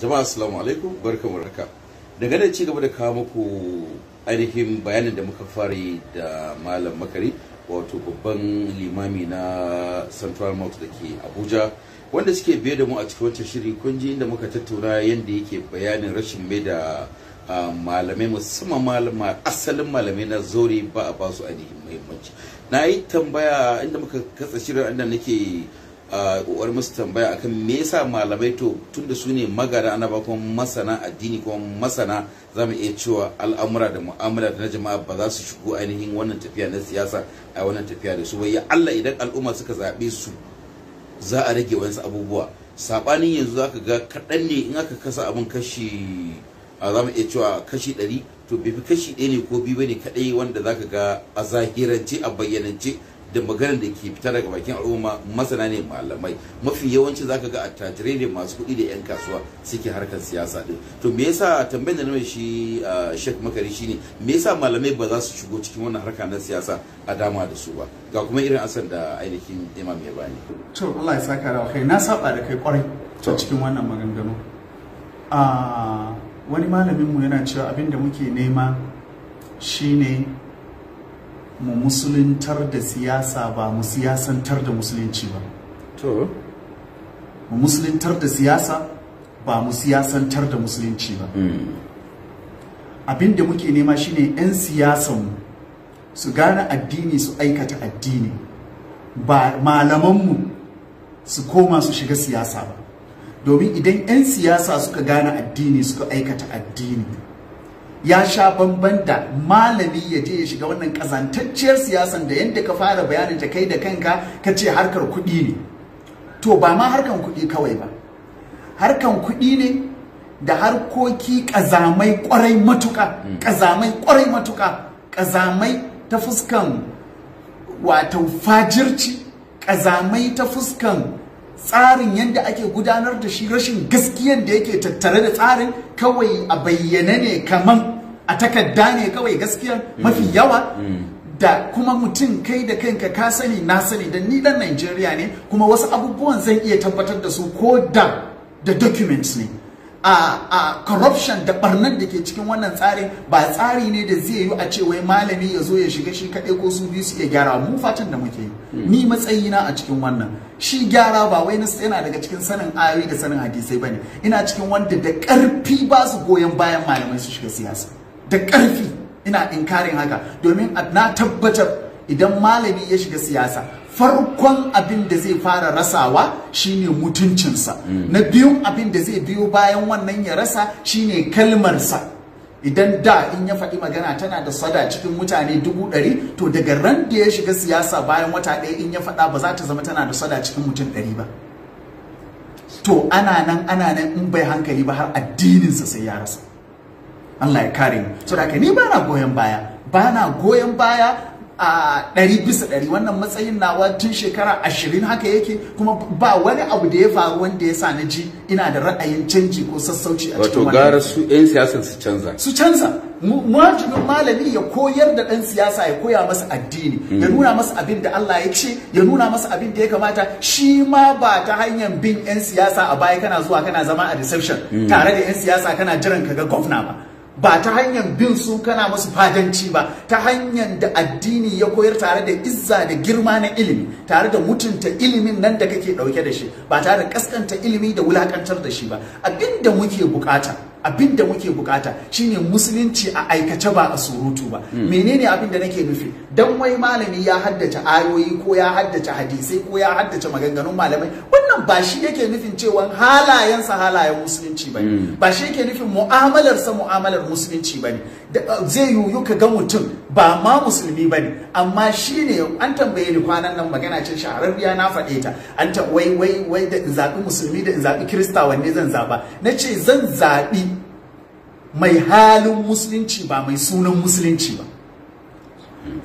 jama'a assalamu alaikum mu raka daga nan ci gaba da kawo muku ainihin bayanin da muka fara da malam makari wato babban limami na central mosque da ke abuja wanda suke biye da mu a cikin wancan shiri kun ji inda muka tattauna yadda yake bayanin rashin mai da malamai musamman malama asalin malamai na zore ba a basu ainihin muhimmanci na yi tambaya inda muka katsa shirin inda nake kokar musu tambaya akan me yasa malamai to tunda su ne ana ba kuma masana addini kuma masana za mu iya cewa al'amura da mu'amala da na jama'a ba za su shigo ainihin wannan tafiya na siyasa a wannan tafiya da su ba ya Allah idan al'umma suka zaɓe su za a rage wasu abubuwa saɓanin yanzu zaka ga kaɗan ne in aka kasa abin kashi a za mu iya cewa kashi ɗari to bai fi kashi ɗaya ne ko biyu ne kaɗai wanda zaka ga a zahirance a bayyanance da maganar da ke fita daga bakin al'umma masana ne malamai mafi yawanci zaka ga attajirai ne masu kuɗi da 'yan kasuwa suke harkar siyasa din to me yasa tambayar da na shi Sheikh Makari shine me yasa malamai ba za su shigo cikin wannan harka na siyasa a dama da su ba ga kuma irin asan da ainihin Imam ya bani to Allah ya saka da kai na saba da kai kwarai a cikin wannan maganganu a wani malamin mu yana cewa abin da muke nema shine mu musuluntar da siyasa ba mu siyasantar da musulunci ba to mu musuluntar da siyasa ba mu siyasantar da musulunci ba hmm. abin da muke nema shine 'yan siyasanmu su gane addini su aikata addini ba malamanmu su koma su shiga siyasa ba domin idan 'yan siyasa suka gane addini suka aikata addini ya sha bamban da malami ya je ya shiga wannan kazantacciyar siyasan da yadda ka fara bayanin ta kai da kanka ka ce harkar kuɗi ne to ba ma harkar kuɗi kawai ba Harkar kuɗi ne da harkoki ƙazamai ƙwarai matuƙa kazamai mm. ƙwarai matuka ƙazamai ta fuskan wato fajirci ƙazamai ta fuskan tsarin yadda ake gudanar da shi rashin gaskiyan da yake tattare da tsarin kawai a bayyane ne kaman a takarda ne kawai gaskiya mafi mm. yawa mm. da kuma mutum kai da kanka ka sani na sani da ni dan Najeriya ne kuma wasu abubuwan zan iya tabbatar da su ko da da documents ne a a corruption da barnar da ke cikin wannan tsarin ba tsari ne da zai yi a ce wai malami ya zo ya shiga shi kaɗai ko su biyu su iya gyara mu fatan da muke mm. ni matsayina a cikin wannan shi gyara ba wai na yana daga cikin sanin ayoyi da sanin hadisai bane ina cikin wanda da ƙarfi ba su goyon bayan malamai su shiga siyasa da ƙarfi ina inkarin haka domin na tabbatar idan malami ya shiga siyasa farkon abin da zai fara rasawa shine mutuncinsa mm. na biyu abin da zai biyo bayan wannan ya rasa shine kalmarsa idan da in ya faɗi magana tana da sada cikin mutane dubu ɗari to daga ran da ya shiga siyasa bayan wata ɗaya in ya faɗa ba za ta zama tana da sada cikin mutum ɗari ba to ana nan ana nan in bai hankali ba har addininsa sai ya rasa Allah ya kare mu so da ni bana goyon baya bana goyon baya a ɗari bisa ɗari wannan matsayin nawa tun shekara ashirin haka yake kuma ba wani abu da ya faru wanda ya sa na ji ina da ra'ayin canji ko sassauci a cikin wannan. wato gara su 'yan siyasa su canza su canza wajibin malami ya koyar da ɗan siyasa ya koya masa addini ya hmm. nuna masa abin da Allah ya ce ya nuna masa abin da ya kamata shi ma ba ta hanyar bin 'yan siyasa a baya kana zuwa kana zama a reception hmm. tare da 'yan siyasa kana jiran ka ga ba ba ta hanyar bin su kana musu fadanci ba ta hanyar da addini ya koyar tare da izza da girma na ilimi tare da mutunta ilimin nan da kake dauke da shi ba tare da kaskanta ilimi da wulakantar da shi ba abinda muke bukata abin da muke bukata shine musulunci a aikace ba a surutu ba hmm. menene abin da nake nufi dan wai malami ya haddace ayoyi ko ya haddace hadisai ko ya haddace maganganun malamai wannan ba shi yake nufin cewa halayensa halayen musulunci bane hmm. ba shi yake nufin mu'amalar sa, mu'amalar musulunci bane zai yuyu ka ga mutum ba ma musulmi bane amma shine an tambaye ni kwanan nan magana cin shahararriya na faɗe ta an ta wai wai wai da in zaɓi musulmi da in zaɓi kirista wanne zan zaɓa na ce zan zaɓi mai halin musulunci ba mai sunan musulunci ba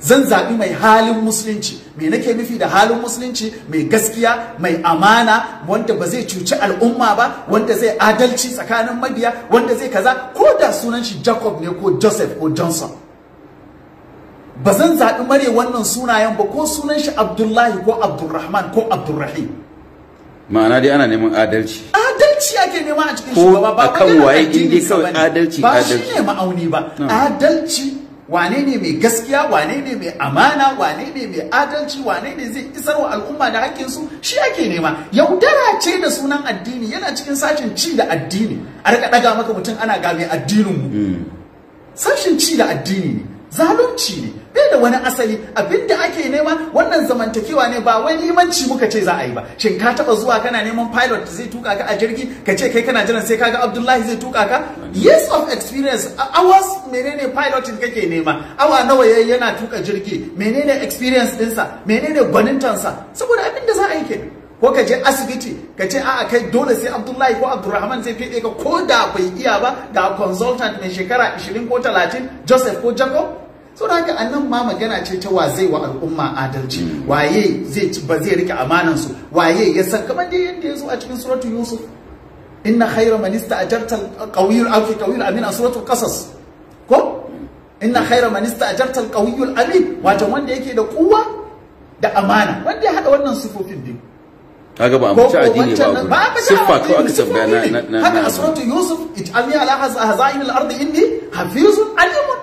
zan zaɓi mai halin musulunci me nake nufi da halin musulunci mai gaskiya mai amana wanda ba zai cuci al'umma ba wanda zai adalci tsakanin mabiya wanda zai kaza ko da sunan shi jacob ne ko joseph ko johnson ba zan zaɓi mare wannan sunayen ba ko sunan shi abdullahi ko abdulrahman ko abdulrahim ma'ana dai ana neman adalci adalci ake nema a cikin shugaba ba kan waye in kawai adalci ba shi ne ma'auni ba adalci wane ne mai gaskiya wane ne mai amana wane ne mai adalci wane ne zai isar wa al'umma da hakkin su shi ake nema yaudara ce da sunan addini yana cikin sashen ci da addini a daga daga maka mutum ana ga addinin mu hmm. sashen ci da addini ne zalunci ne bai da wani asali abinda ake nema wannan zamantakewa ne ba wai limanci muka ce za a yi ba shin ka taba zuwa kana neman pilot zai tuka ka a jirgi ka ce kai kana jiran sai ka kaga Abdullahi zai tuka ka years of experience hours menene piloting kake nema awa nawa yayi yana tuka jirgi menene experience dinsa menene gwanintansa saboda abinda za a yi ke ko ka je asibiti ka ce a'a kai dole sai abdullahi ko abdurrahman zai fiɗe ka ko da bai iya ba ga consultant mai shekara 20 ko 30 joseph ko jacob saboda haka annan ma magana ce ta wa zai wa al'umma adalci waye zai ba zai rike amanan su waye ya san kamar dai yadda ya zo a cikin suratu yusuf inna khayra man ista'jarta al-qawiyyu al tawil amin a suratul qasas ko inna khayra man ista'jarta al-qawiyyu amin wato wanda yake da kuwa da amana wanda ya hada wannan sifofin din kaga ba amince addini ba siffa ko aka tabbana na na haka suratul yusuf it'ami ala hazaimil ardi inni hafizun alimun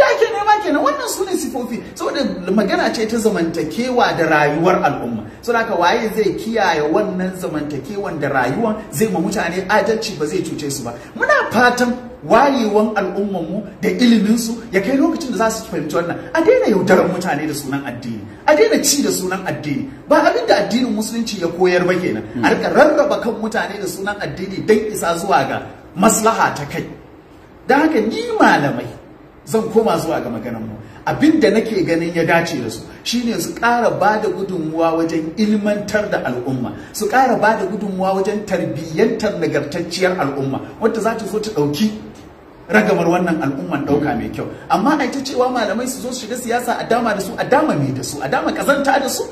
da ake nema kenan wannan su ne sifofi saboda magana ce ta zamantakewa da rayuwar al'umma so haka waye zai kiyaye wannan zamantakewan da rayuwan zai ma mutane adalci ba zai cuce su ba muna fatan wayewan al'umman mu da iliminsu ya kai lokacin da za su fahimci wannan a daina yaudarar mutane da sunan addini a daina ci da sunan addini ba abin da addinin musulunci ya koyar ba kenan a rika rarraba kan mutane da sunan addini dan isa zuwa ga maslaha ta kai Da haka ni malamai zan koma zuwa ga maganar mu abinda nake ganin ya dace da su shine su ƙara ba da gudunmuwa wajen ilmantar da al'umma su ƙara ba da gudunmuwa wajen tarbiyyantar nagartacciyar al'umma wadda za ta zo ta ɗauki ragamar wannan al'umman ɗauka mai kyau amma a ita cewa malamai su zo su shiga siyasa a dama da su a dama mai da su a dama kazanta da su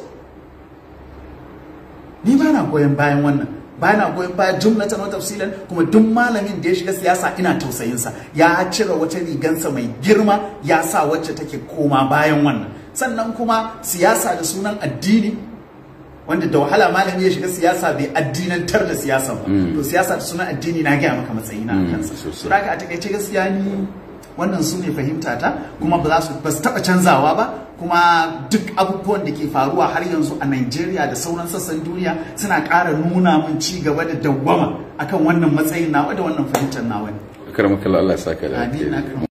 ni ba na goyon bayan wannan ba na goyon baya jumlatan wa tafsilan kuma duk malamin da ya shiga siyasa ina tausayin sa ya cire wata rigansa mai girma ya sa wacce take koma bayan wannan sannan kuma siyasa da sunan addini wanda da wahala malamin ya shiga siyasa bai addinantar da siyasa ba hmm. to siyasa da sunan addini na gaya maka matsayi na hmm, kansa to a takaice gaskiya ni wannan su ne fahimta ta kuma ba za su ba su taba canzawa ba kuma duk abubuwan da ke faruwa har yanzu a Nigeria da sauran sassan duniya suna ƙara nuna mun ci gaba da dawwama akan wannan matsayin nawa da wannan fahimtar nawa ne. Karamaka Allah ya saka da. Amin.